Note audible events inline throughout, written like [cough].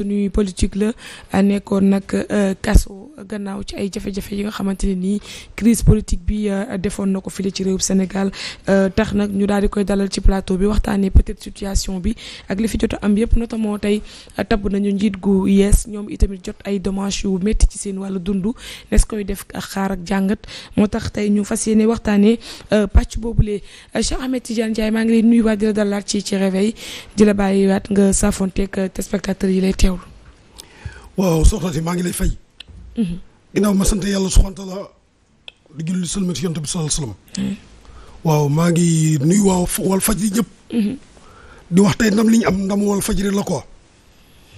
suñuy politique la nekkoon nag euh, kaso gannaaw ci ay jafe-jafe yi nga xamante ne nii crise politique bi euh, defoon na ko fii ci réewum Sénégal euh, tax nag ñu daal di koy dalal ci plateau bi waxtaanee peut-être situation bi ak li fi jot am yëpp notamment tey tabb nañu njiit gu yees ñoom itamit jot ay dommages yu métti ci seen wala dund nes koy def ak xaar ak jàngat moo tax tey ñu fas yéene waxtaanee pàcc boobule Cheikh Ahmed Tidiane Ndiaye maa ngi lay nuyuwaat di la dalalaat ci ci réveil di la bàyyiwaat nga saafonteeg téléspectateurs yi lay waaw soxna si maa ngi lay fay. Mm-hmm. ginnaaw ma sant yàlla subhaanahu wa taala di julli sëlma ci yonent bi sallallaahu alayhi wa sallam. waaw maa ngi nuyu waaw Walfadjri ñëpp. Mm-hmm. di wax tey ndam li ñu am ndamu Walfadjri la quoi.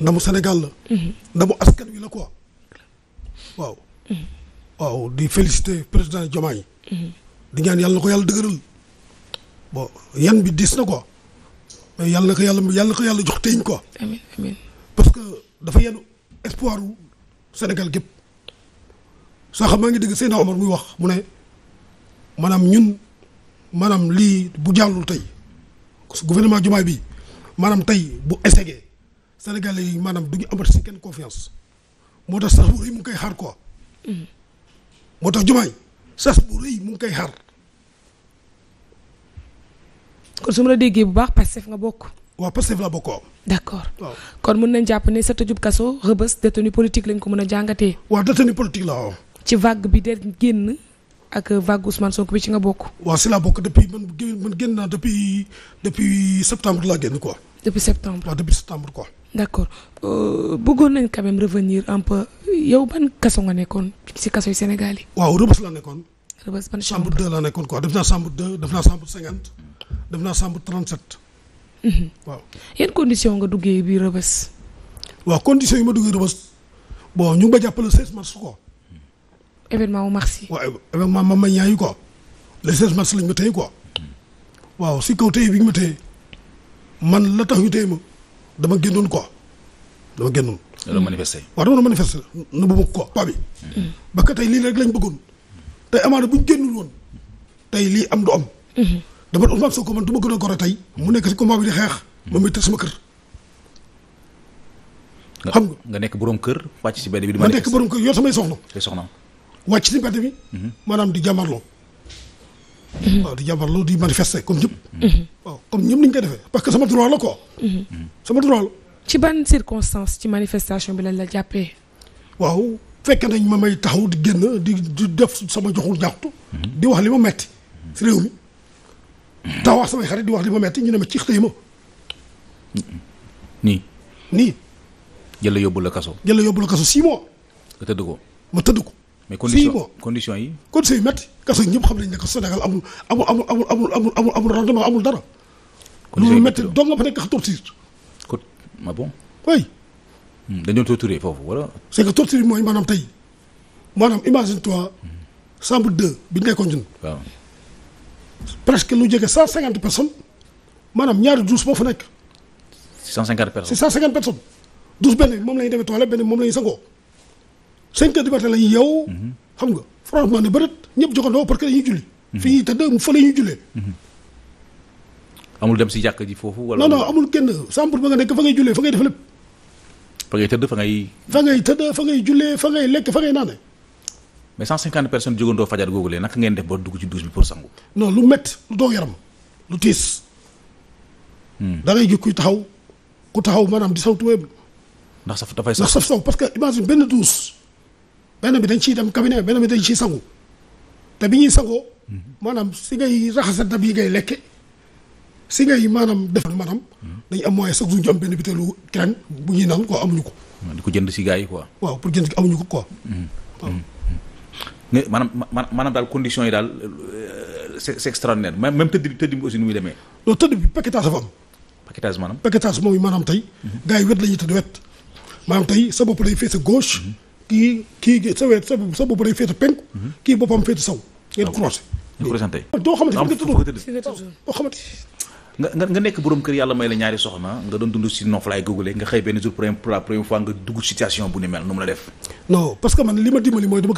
ndamu Sénégal la. Mm-hmm. ndamu askan wi la quoi. waaw. waaw di féliciter président Diomaye. di ñaan yàlla na ko yàlla dëgëral. bon yan bi dis na quoi. mais yàlla na ko yàlla yàlla na ko yàlla jox teeñ quoi. amiin amiin parce que dafa yenu espoir u Sénégal gépp soo xam maa ngi dégg Seydina Omar muy wax mu ne maanaam ñun maanaam lii bu jàllul tey parce que gouvernement bi maanaam tey bu essayé Sénégalais yi maanaam du ñu amat si kenn confiance moo tax sax bu rëy mu ngi koy xaar quoi. Mm-hmm. moo tax Diomaye sas bu rëy mu ngi koy xaar. kon su ma la déggee bu baax Pastef nga bokk. waaw Pastef la bokkoo. d'accord waaw kon mën nañ jàpp ne sa tëjub kaso rëbës détenu politique lañ ko mën a jàngatee. waaw détenu politique la waaw. ci vague bi de génn ak vague Ousmane Sonko bi ci nga bokk. waaw si laa bokk depuis man man génn naa depuis depuis septembre laa génn quoi. depuis septembre waaw depuis septembre quoi. d'accord euh, bëggoon nañ quand même revenir un peu yow ban kaso nga nekkoon si kaso yi Sénégal yi. waaw rëbës la nekkoon. rëbës ban chambre chambre 2 la nekkoon quoi def naa chambre 2 def naa chambre 50 def naa waaw yan condition nga duggee bi rëbës. waaw condition yi ma duggee rëbës bon ñu ngi ma jàppale le 16 mars ko événement wu mars yi. waaw événement ma ma ñaayi quoi le 16 mars lañ ma téye quoi waaw si kaw téye bi ñu ma téye man la tax ñu téye ma dama génnoon quoi dama génnoon. dama manifester. manifester na bu bëgg quoi. paa ba ka tey lii rek lañ bëggoon tey amaana bu ñu tey lii am du am. Mm-hmm. dama Ousmane Sonko man du ma gën a gore tey mu nekk si combat bi di xeex. ma it sama kër. xam nga nga nekk boroom kër wàcc si mbedd bi. di ma nekk borom kër yor samay soxna. te soxna wàcc si mbedd bi. Mhm. maanaam di jàmbarloo. Mhm. waaw di jàmbarloo di manifester comme ñëpp. Mhm. waaw comme ñëpp ni ñu koy defee parce que sama droit la quoi. sama droit la. ci ban circonstance ci manifestation bi lañ la jàppee. waaw fekk nañ ma may taxaw di génn di di def sama joxul jaaxtu. di wax li ma metti si réew mi. daa wax samay xarit di wax li ma metti ñu ne ma ciix tey ma. nii. nii. jël la yóbbu la kaso. jël la yóbbu la kaso six mois. nga tëdd ko. ma tëdd ko. mais condition condition yi. condition yi métti kaso ñëpp xam nañ ne ko Sénégal amul amul amul amul amul amul amul rendement amul dara. condition yi métti dong nga fa nekk torture. ko ma ah bon. oui. Hmm, dañoo torturé foofu wala. c' est que torture mooy maanaam tey maanaam imagine toi chambre deux bi nekkoon ñun. presque lu jege cent cinquante personnes maanaam ñaari douse boo fa nekk. cent cinquante personnes cent cinquante personnes. douze benn moom la ñuy demee toilette benn moom la ñuy sangoo cinq heures du matin la yow mhm. xam nga franchement ne bëreet ñëpp jogandoo parce que dañuy julli. Mhm. fii tëdd fa la ñuy jullee. Mhm. amul dem si jàkk ji foofu. wala non amul kenn chambre ba nga nekk fa ngay jullee fa ngay def lépp. fa ngay tëdd fa ngay. fa ngay tëdd fa ngay jullee fa ngay lekk fa ngay naane. mais 150 personnes jógandoo fajar googu lee naka ngeen def ba dugg ci douche bi pour sangu. non lu métti lu doo yaram lu tiis. Hmm. da ngay gis taxaw ku taxaw maanaam di saw tubaab. ndax saf dafay saf ndax saf parce que imagine benn douche benn bi dañ ciy dem cabinet benn bi dañ ci sangu te bi ñuy sangoo. Hmm. maanaam si ngay raxas dab yi ngay lekke si ngay maanaam def maanaam. Hmm. dañ am moyen chaque jour ñu am benn butéelu crème bu ñuy naan ko amuñu ko. di ko jënd si gars yi quoi. waaw pour jënd amuñu ko quoi. nga maanaam maanaam daal condition yi daal euh, c'est extraordinaire même tëdd bi tëdd bi aussi nu muy demee. loolu tëdd bi paquetage dafa am. paquetage maanaam. paquetage mooy maanaam tey. gars wet la tëdd wet. maanaam tey sa bopp day féete gauche. kii kii sa wet sa bopp day féete penku. kii boppam féete saw. ngeen croisé. ñu croisé doo xamante doo xamante nga nga nekk borom kër yàlla may la ñaari soxna nga doon dund si noflaay googu léegi nga xëy benn jour premier pour la première fois nga dugg situation bu ni mel nu mu la def. non parce que man li ma dimbali mooy dama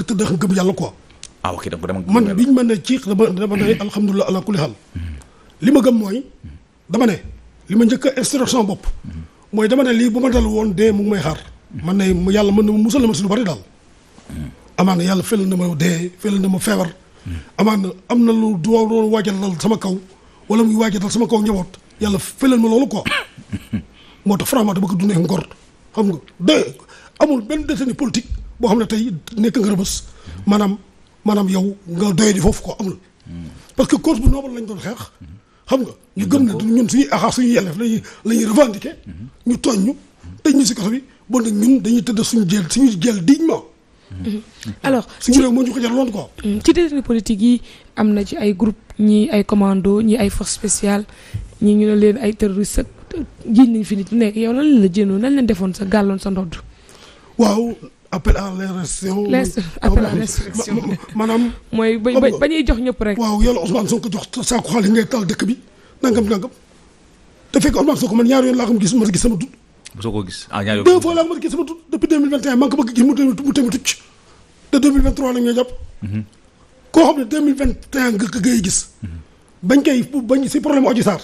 ne li ma njëkk a instruction bopp hmm. mooy dama ne lii bu ma dal woon dee mu may xaar. Hmm. man ne yàlla mën na ma musal na ma si lu bari daal. Hmm. amaana yàlla fële na ma dee fële na ma feebar. amaana am na lu doon waajal sama kaw wala muy waaj a dal sama kaw njaboot yàlla fëleel ma loolu ko [laughs] moo tax Franc Maçon ba ko dundee xam nga de benn détenu politique boo xam ne tey nekk nga rëbës maanaam maanaam yow nga doye di foofu ko amul parce que cause bu noble lañ ko xeex xam nga ñu gëm ne ñun suñuy axaar suñuy yelleef lañuy la ñuy revendiquer ñu tooñ ñu tëj ñu si kaso bi bon nag ñun dañuy tëdd suñu jël suñu jël dignement su ñu réew moo ñu ko jaraloon quoi ci détenu politique yi am na ci ay groupe ñii ay commando ñii ay force spéciale ñii ñu ne leen ay terroriste jiiñ nañ fi nit nekk yow lan la jënoo nañ leen defoon sa gàlloon sa ndodd waaw appel à l'insurrection appel à l'insurrection maanaam mooy ba ñuy jox ñëpp rek waaw yow la Ousmane Sonko jox saako xaalis ngay dëkk bi nangam nangam te fekk Ousmane Sonko man ñaari yoon laa ko gis ma gis sama dund soo ko gis ah ñaari yoon deux fois laa ko gis sama dund depuis 2021 maa ngi ko bëgg gis mu tëmi tucc de 2023 lañ ñoo jàpp mhm. koo xam ne deux mille vingt et un ngay gis. bañ koy bañ si problème Adji Sarr.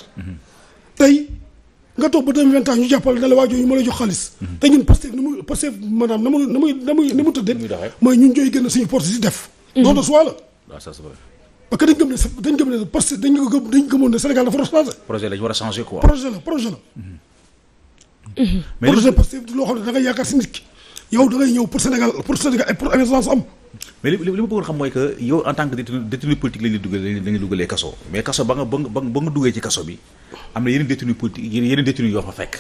nga toog ba deux mille vingt et ñu jàppale ne la waa jooju ma lay jox xaalis. te ñun Pastef ni mu Pastef mu na mu tëddee. mooy ñun ñooy génn suñu porte si def. de mm-hmm. soi la. waaw ah, ça c'est vrai. parce que dañ gëm ne dañ gëm loo xam ne da yaakaar si nit ki yow ñëw pour Sénégal pour Sénégal pour émergence am. mais li li ma bëggoon xam mooy que yow en tant que détenu détenu politique lañu kaso mais kaso ba nga ba nga duggee ci kaso bi am na yeneen détenu politique yeneen détenu yoo fa fekk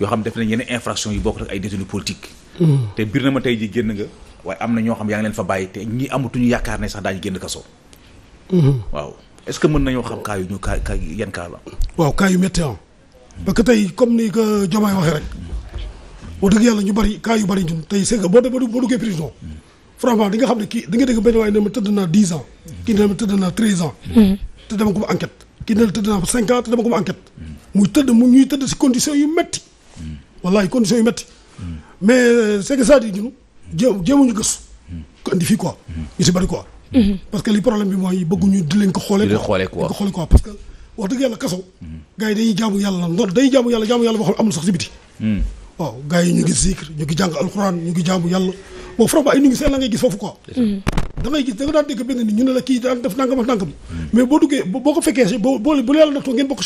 yoo xam def nañ yeneen infraction yu bokk ak ay détenu politique mm. te biir na ma tey ji génn nga waaye am na ñoo xam yaa ngi leen fa bàyyi te ñi amatuñu yaakaar ne sax daañu génn kaso mm-hmm. waaw est-ce que mën nañoo xam kaa ñu kaa kaa yan waaw kaa yu métti ah. parce que tey comme ni dëgg yàlla ñu bari kaa yu franchement di nga xam ne kii di nga dégg benn waaye ne ma tëdd naa dix ans kii ne tëdd naa treize ans hmm. te dama ko enquête kii ne tëdd naa cinq ans te dama ko enquête muy tëdd mu ñuy tëdd si condition yu metti wallahi condition yu metti mais euh, c'est que ça dit ñun jéem ñu si hmm. parce que li problème bi mooy bëgguñu di leen ko xoolee di ko xoolee quoi parce que wax dëgg yàlla kaso gars yi jaamu yàlla ndox dañuy jaamu yàlla jaamu yàlla boo xam bon franchement inégalité la ngay gis foofu quoi. da ngay gis da daan dégg benn nit ñu ne la kii daan def nangam ak nangam. mais boo duggee boo ko fekkee boo boo bu yàlla nattoo ngeen bokk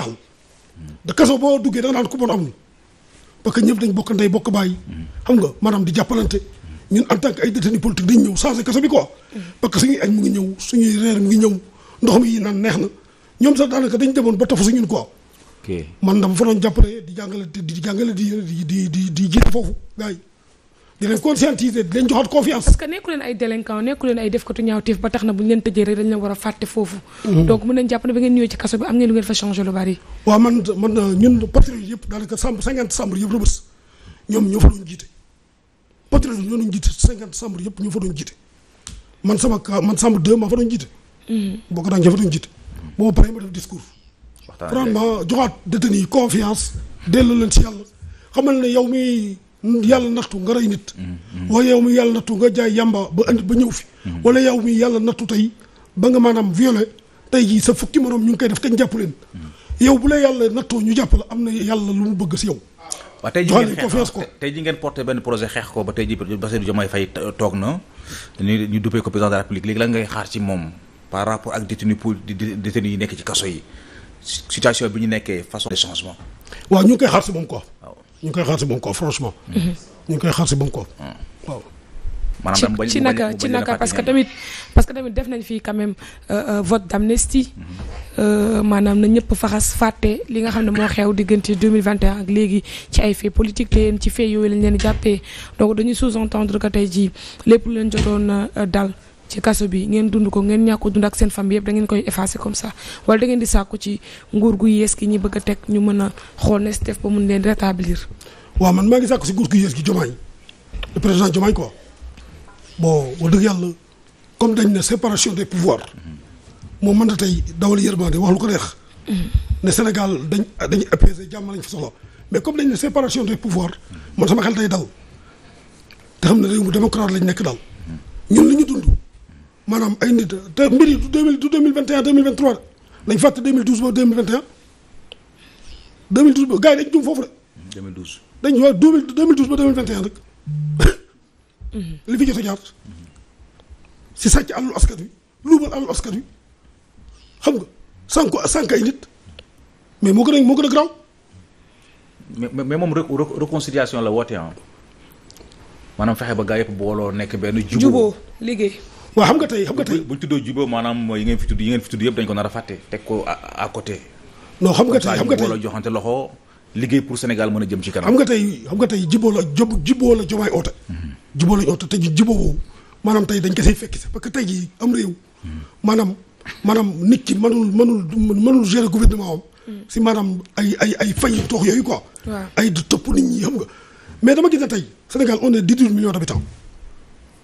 mhm. a taxaw ci si moo mhm. dañ bokk ndey bokk bàyyi. Mhm. xam nga maanaam di jàppalante. ñun en tant que ay détenu politique dañ ñëw changé kaso bi quoi. parce que suñuy añ mu ngi ñëw suñuy reer mu ngi ñëw ndox mi naan neex na ñoom sax daanaka dañ demoon ba tafu si ñun quoi ok man dama fa doon jàppale di jàngale di jàngale di jiite foofu gars di leen conscientiser di leen joxaat confiance. parce que nekku leen ay délinquant nekku leen ay defkatu ñaawteef ba tax na bu ñu tëjee rek dañ leen war a fàtte foofu. Mhm. donc mën nañu jàpp ba ngeen ñëwee ci kaso bi am ngeen lu ngeen fa changé lu bari. Euh, cinquante cinquante chambre ñoo fa doon jiite man sama man chambre deux maa fa doon jiite. Mhm. boo ko daan jëfandoo jiite boo ma paree vraiment joxaat détenu confiance dellu leen si yàlla xamal ne yow mi yàlla nattu nga rey nit mm, mm. wala yow mi yàlla nattu nga jaay yàmba ba indi ba ñëw fi mm. wala yow mi yàlla nattu tey ba nga maanaam violé tey jii sa fukki moroom ñu ngi koy def kañ jàpp leen yow bu la yàlla nattoo ñu jàpp la am na yàlla lu mu bëgg si yow waaw tey ji ngeen xeex ko tey ji ngeen porté benn projet xeex ko ba tey ji Bassirou Diomaye Faye toog na ñu ñu duppee ko président de la République léegi lan ngay xaar ci moom par rapport ak détenu pour détenu yi nekk ci kaso yi situation bi ñu nekkee façon de changement. waaw ñu ngi koy xaar si moom koy xaar si moom quoi franchement. ñu ngi koy xaar si moom mm-hmm. quoi. Mm-hmm. Mm. waaw. ci naka ci naka parce que tamit parce que tamit def nañ fii quand euh, euh, vote d'amnistie mm-hmm. euh, maanaam na ñëpp faxas fàtte li nga xam ne moo xew diggante 2021 ak léegi ci ay faits politiques te yéen ci faits yooyu lañ leen jàppee donc dañuy sous-entendre que tey jii lépp lu leen jotoon dal ci kaso bi ngeen dund ko ngeen ñàkk ko dund ak seen famille yëpp da ngeen koy effacer comme ça wala da di sàkku ci nguur gu yees gi ñi bëgg a teg ñu mën a xool ne si def ba mun leen rétablir. waaw man maa ngi sàkku si nguur gu yees gi Diomaye le président Diomaye quoi bon wax dëgg yàlla comme dañ ne séparation des pouvoirs moom mën na tey dawal yërmande wax lu ko neex. ne Sénégal dañ dañuy apaiser jàmm lañ fa soxla mais comme dañ ne séparation des pouvoirs man sama xel day dal te xam lañ nekk daal. maanaam ay nit te mbir yi du deux mille du deux mille vingt et un deux mille vingt trois nañ fàtte deux mille douze ba deux mille vingt et un deux mille douze ba gars yi dañ jum [coughs] a jaar si sàcc alalu askan wi luubal alalu askan xam nga sànq sànq ay nit mais moo gën a moo gën mais mais moom réconciliation la woote ah maanaam fexe ba gaa booloo nekk benn. juboo liggéey. waa xam nga tey xam nga tey bu ñu tuddoo jubóo maanaam yi ngeen fi tudd yi ngeen fi tudd yëpp dañ ko nar a fàtte teg ko à côté non xam nga tey xam nga tey wala loxo liggéey pour Sénégal mën a jëm ci kanam xam nga tey xam nga tey jubóo la job jubóo la jomaay oote mhm. jubóo lañ oote tey ji jubóo boobu maanaam tey dañ ko say fekk si parce que tey ji am réew mhm. maanaam maanaam nit ki mënul mënul mënul gérer gouvernement am mhm. si maanaam ay ay ay fayi toox yooyu quoi ay du topp nit ñi xam nga mais dama gis ne tey Sénégal on est dix-huit millions d'habitants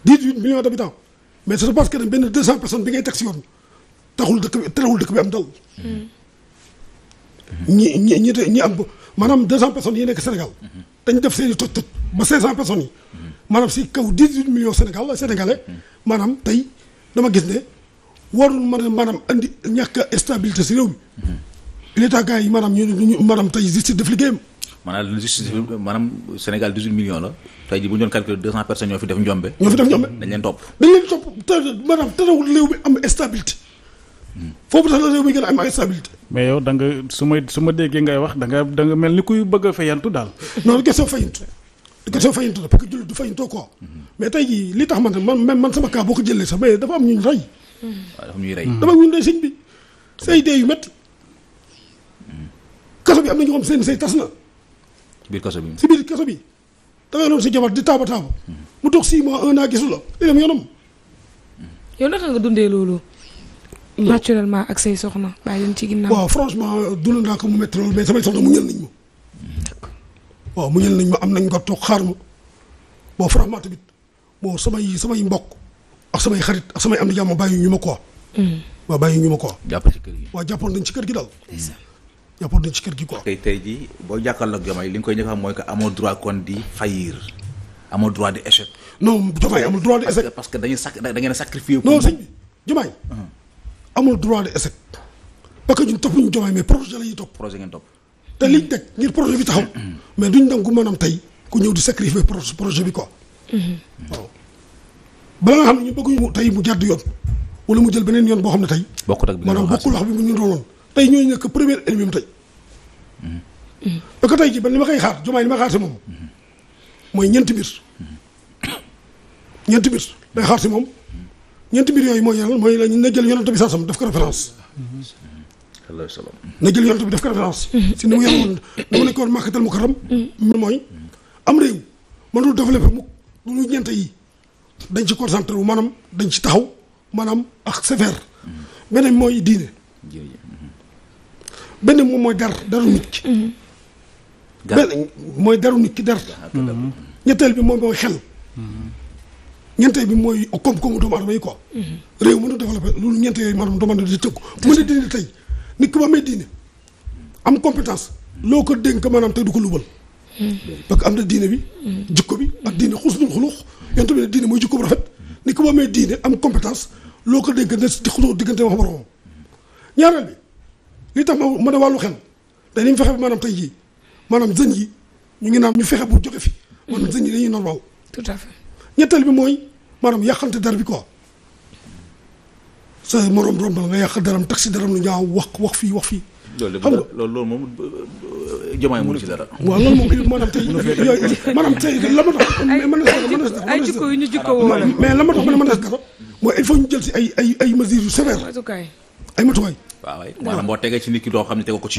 dix-huit millions d'habitants mais je pense que ne benn 200 personnes bi ngay yoon taxul dëkk bi terewul dëkk bi am dal. Hmm. ñi ñi ñi ñi am maanaam 200 personnes yi nekk Sénégal. Hmm. dañ def seen i toj toj ba 500 yi. Hmm. maanaam si kaw 18 millions Sénégal a Sénégalais. maanaam tey dama gis ne warul mën a maanaam andi ñàkk stabilité si réew bi l'état gars yi maanaam ñu ñu maanaam tey justice def liggéeyam. maanaam justice maanaam Sénégal 18 millions la tey jii bu ñu doon calculer 200 personnes ñoo fi def njombe. ñoo fi def njombe dañ topp. dañ topp te am stabilité. foofu sax la réew mi gën a am stabilité. mais yow da nga su ma su ma déggee ngay wax da nga da nga mel ni kuy bëgg a fayantu daal. non question fayantu question fayantu la parce que jullit du fayantoo quoi. Mhm. mais tey jii li tax man man man sama cas boo ko jëlee sax mais dafa am ñu ñu rey. Mhm. waaw dafa am rey. dafa am rey sëñ bi dee yu métti. Mhm. kaso bi am na ñoo xam seen say tas na. ci si biir kaso bi da ngay loolu si jabar di taaba taaba mu toog 6 mois 1 an gisu la li dem yoonam. yow naka nga dundee loolu. naturellement ak say soxna bàyyi leen ci ginnaaw. waaw franchement dund naa ko mu métti loolu samay samay mbokk ak samay xarit ak samay am di jàmm bàyyi ñu ma quoi. Hmm. waaw bàyyi ñu ma quoi. jàpp ci kër gi waaw jàppoon nañ ci kër gi daal. jàppoon ci kër gi quoi. tey tey jii boo jàkkaarloog li nga koy njëkk a xam mooy que amoo droit kon di faillir amul droit di échec parce que da ngeen a sacrifié. non sëñ bi Diomaye. amul droit di échec. parce que ñun toppuñu Diomaye mais projet la topp. te liñ teg ngir projet bi taxaw. mais duñ dem ku maanaam tey ku ñëw di sacrifié projet bi quoi. waaw bala nga xam ne ñu bëgguñu tey mu jàdd yoon wala mu jël beneen yoon boo xam ne tey. bokkul bokkul wax bi mu ñu doon woon tey ñooñu nekk premier ennemi parce que tey jii man li ma koy xaar jumaa li ma xaar si moom mooy ñeenti mbir ñeenti mbir day xaar si moom ñeenti mbir yooyu mooy yàlla mooy la na jël bi bi saasam daf ko référence na jël yonent bi daf ko référence si ni mu yoroon dama nekkoon màkkatal mu karam mooy am réew mënul développé mukk lu ñeent yi dañ ci concentré wu maanaam dañ ci taxaw maanaam ak sévère beneen mooy diine benn moom mooy dar daru nit ki. Mhm. benn mooy daru nit ki dar. Mhm. ñetteel bi moom mooy xel. Mhm. ñeenteel bi mooy koom-koomu doomu aadama yi quoi. réew mënu développé loolu ñeente yooyu maanaam doomu aadama di tëgg mën a am compétence loo ko dénk maanaam tey du ko lubal. parce que am na diine bi. jikko bi ak diine xusnul xulux yonent bi ne diine mooy jikko bu rafet nit ku ba diine am compétence loo ko dénk ne si xulux diggante wax boromam ñaareel bi. li tax ma ma ne wàllu xel dañuy fexe maanaam tey jii maanaam jeunes yi ñu ngi naan ñu fexe bu joxe fi. maanaam jeunes yi dañuy noonu waaw. tout à fait ñetteel bi mooy maanaam yàqante der bi quoi sa morom romb nga yàq daram taxi daram lu ñaaw wax wax fii wax fii. loolu xam nga loolu moom jëmaay mënu ci dara. waaw loolu moom kii maanaam la ma tax. ñu mais la ma tax ma ne il faut ñu jël si ay ay ay mesures yu sévères. matukaay ay matukaay. waaw waay maanaam boo ne tegoo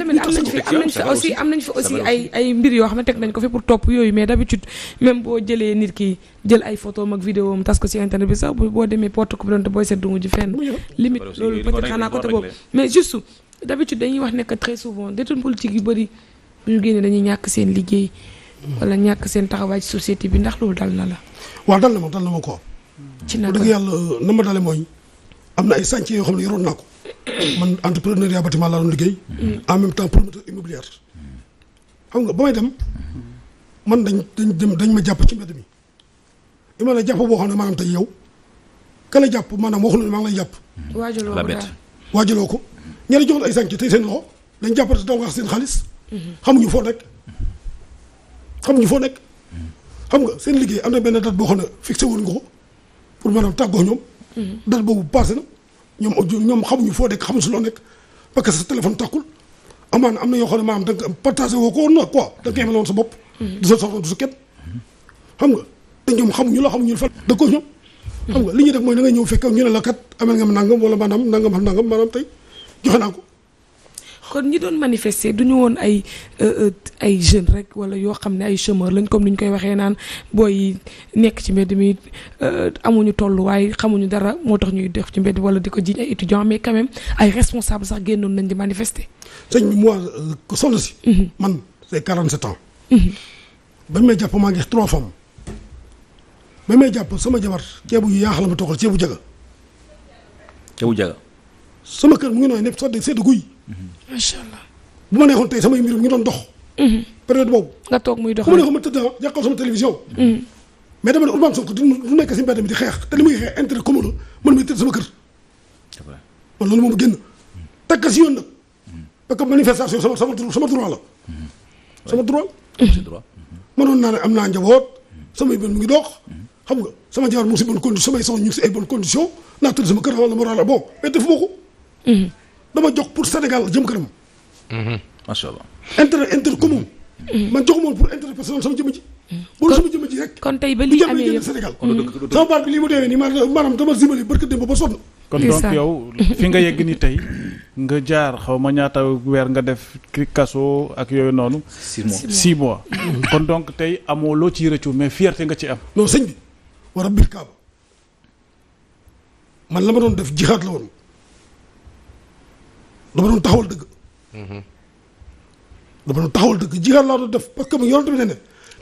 tamit am nañ fi am nañ fi ay mbir yoo xam ne teg nañ ko fi pour topp yooyu mais d'habitude même boo jëlee nit ki jël ay photo mag vidéo am tas ko ci internet bi sax boo demee porte ko bi doon te booy seet du mujj fenn. limite loolu peut-être xanaa côté boobu mais juste d'habitude dañuy wax nekk très souvent détun politique yu bëri bu génnee dañuy ñàkk seen liggéey. wala ñàkk seen taxawaay ci bi ndax loolu dal na la. waaw dal na ma dal na ma ko. ci naka dëgg yàlla na ma dale mooy am na ay chantier yoo xam ne yoroon naa ko man entrepreneuriat bâtiment laa doon liggéey en même temps promoteur immobilier xam nga ba may man dañ dañ dañ ma jàpp ci mbedd mi i ma la jàpp boo xam ne maanaam tey yow ka la jàpp maanaam waxul ne maa ngi lay jàpp waajaloo ko ñeneen jox la ay chantier tey seen loxo dañ jàppate daw nga seen xaalis xamuñu foo nekk xamuñu foo nekk xam nga seen liggéey am na benn date boo xam ne fixé woon nga ko pour maanaam tàggoo ñoom Mhm. dal boobu passé na ñoom audio ñoom xamuñu foo nekk xamu si loo nekk parce que sa téléphone tàkkul amaan am na yoo xam ne maanaam da nga partagé woo ko woon na quoi da nga yemale woon sa bopp mhm. du sa soxla du sa kenn xam nga te ñoom xamuñu la xamuñu fan da ko ñoom xam nga li ñu def mooy da ngay ñëw fekk ñu ne la kat amel nga ma nangam wala maanaam nangam xam nangam maanaam tey joxe naa ko kon ñi doon manifester du ñu woon ay euh, euh, ay jeunes rek wala yoo xam ne ay chômeurs lañ comme ni ñu koy waxee naan booy nekk ci mbedd mi euh, amuñu waaye xamuñu dara moo tax ñuy def ci mbedd wala di ko jiñ ay étudiants mais quand même sax génnoon nañ di manifester. sëñ bi moi soxna si. Mhm. man c'est 47 ans. Mhm. bañ may jàpp maa ngi trois femmes bañ may jàpp sama jabar ceebu yu yaaxal ma toogal ceebu jaga. ceebu jaga. sama kër mu ngi nooy nekk soo dee seetlu macha allah. bu ma neexoon tey samay mbir ñu doon dox. Mhm. période boobu. nga toog muy dox bu ma neexoon ma tëdd jàkkal ah, sama télévision. Mhm. mais dama ne Ousmane Sonko du nekk si mbedd mi di xeex te li muy xeex intérêt commun la man mii tëdd sama kër. man loolu moom mhm. si yoon nag. parce que manifestation sama sama sama droit la. sama droit. mënoon naa ne am naa njaboot. samay mbir mu ngi dox. xam nga sama jaar mu ngi si bonne condition samay soxna ñu ngi si ay bonne condition naa tëdd sama kër wala moral bon mais defuma ko. dama jox pour Sénégal jëm kanam. Mhm. macha allah. intérêt intérêt commun. Mhm. man joxuma woon pour intérêt personnel sama jëmm ji. Mhm. kon sama jëmm ji rek. kon tey ba lii amee yëpp Sénégal. sama baat bi lii mu deewee nii maanaam dama zimali barka démb ba sonn. kon donc yow fi nga yegg ni tey nga jaar xaw ma ñaata weer nga def kaso ak yooyu noonu. six mois six kon donc tey amoo loo ciy rëccu mais fierté nga ci am. non sëñ bi war a biir kaaba man la ma doon def jihaad la woon. dama doon taxawal dëgg. Mhm. dama doon taxawal dëgg jihaad laa doon def parce que yonent bi ne ne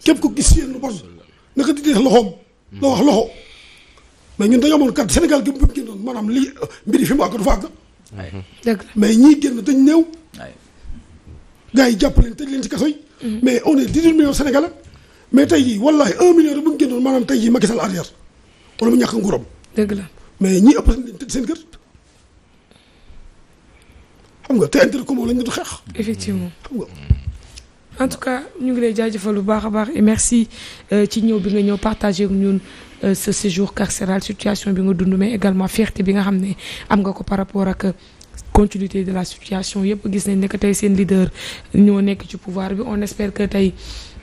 képp ku gis yéen lu bon naka di dee loxoom. la wax loxo mais ñun dañoo amoon carte Sénégal gi mu gën doon maanaam lii euh, mbiri fi mu àgg du mais ñii génn dañ néew. gars yi jàpp leen tëj leen ci kaso yi. Mhm. mais on est 18 millions Sénégalais. mais tey jii wallaahi 1 million rek maanaam tey jii Macky Sall arrière wala mu ñàkk nguuram. dëgg la mais ñii ëpp nañ leen tëj seen kër. xam nga te intérêt commun du xeex. effectivement en tout cas ñu ngi lay jaajëfal bu baax a baax et merci euh, ci ñëw bi nga ñëw partagé ak ñun euh, ce séjour carcéral situation bi nga dund mais également feexte bi nga xam ne am nga ko par rapport ak euh, continuité de la situation yëpp gis nañ ne que tey seen leader ñoo nekk ci pouvoir bi on espère que tey.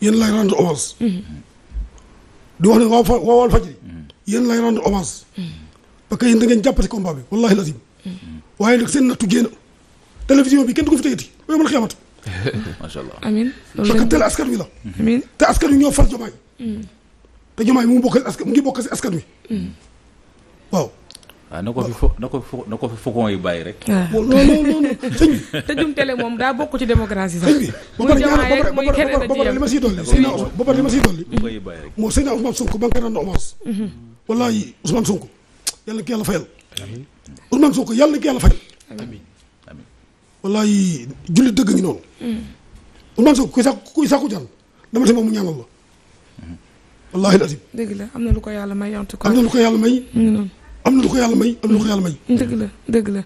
yéen lay rendre hommage. di wax ne waa waa Walfadjri yéen lay rendre hommage. parce que yéen da ngeen jàppati combat bi wallahi lazim. waaye nag seen nattu génn télévision bi kenn du ko fi tëjati ba yomal xiyaamati. [laughs] macha allah amiin parce que télé askan wi la. amiin te askan wi ñoo far jomaay. Mm. te jomaay mu ngi bokk askan mu ngi bokk si askan wi. Mm. waaw ah, na ko fi fo bi. tëjum télé moom daa bokk ci démocratie sax. bi ba pare ñaar ba pare ba pare li ma siy dolli. sëñ naa ba pare li ma siy dolli. moo sëñ naa Ousmane Sonko ba nga koy doon hommage. Mhm. wallaahi Ousmane Sonko yàlla ki yàlla fayal. amiin Ousmane Sonko yàlla ki yàlla fayal. amiin amiin. wallaahi julli dëgg ngi noonu. Mhm. Ousmane Sonko kuy sàkku kuy dama si moom mu ñaanal la. Mhm. wallaahi lazim. dëgg la am na lu ko yàlla may. am na lu ko yàlla may dëgg la dëgg la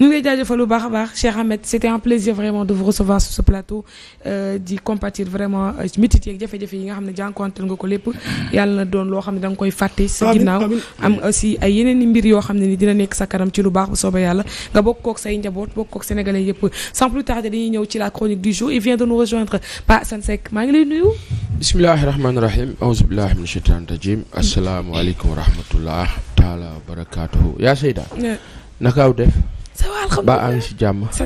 ñu ngi lay lu baax a baax Cheikh Ahmed c' était un plaisir vraiment de vous recevoir sur ce plateau euh, di compatir vraiment euh, métit yeeg jafe-jafe yi nga xam ne jànkuwanteel nga ko lépp yàlla na doon loo xam ne danga koy fàtte sa ginnaaw am aussi ay yeneen i mbir yoo xam ne ni dina nekk sa kanam ci lu baax bu soobee yàlla nga bokk kook say njaboot bokk kook sénégalais yëpp sans plus tarder dañuy ñëw ci la chronique du jour il vient de nous rejoindre Pa Assane Seck maa ngi lay nuyu bismillahi rahmaani rahim aouzu taala wa barakaatuhu naka aw def. ba a si jàmm.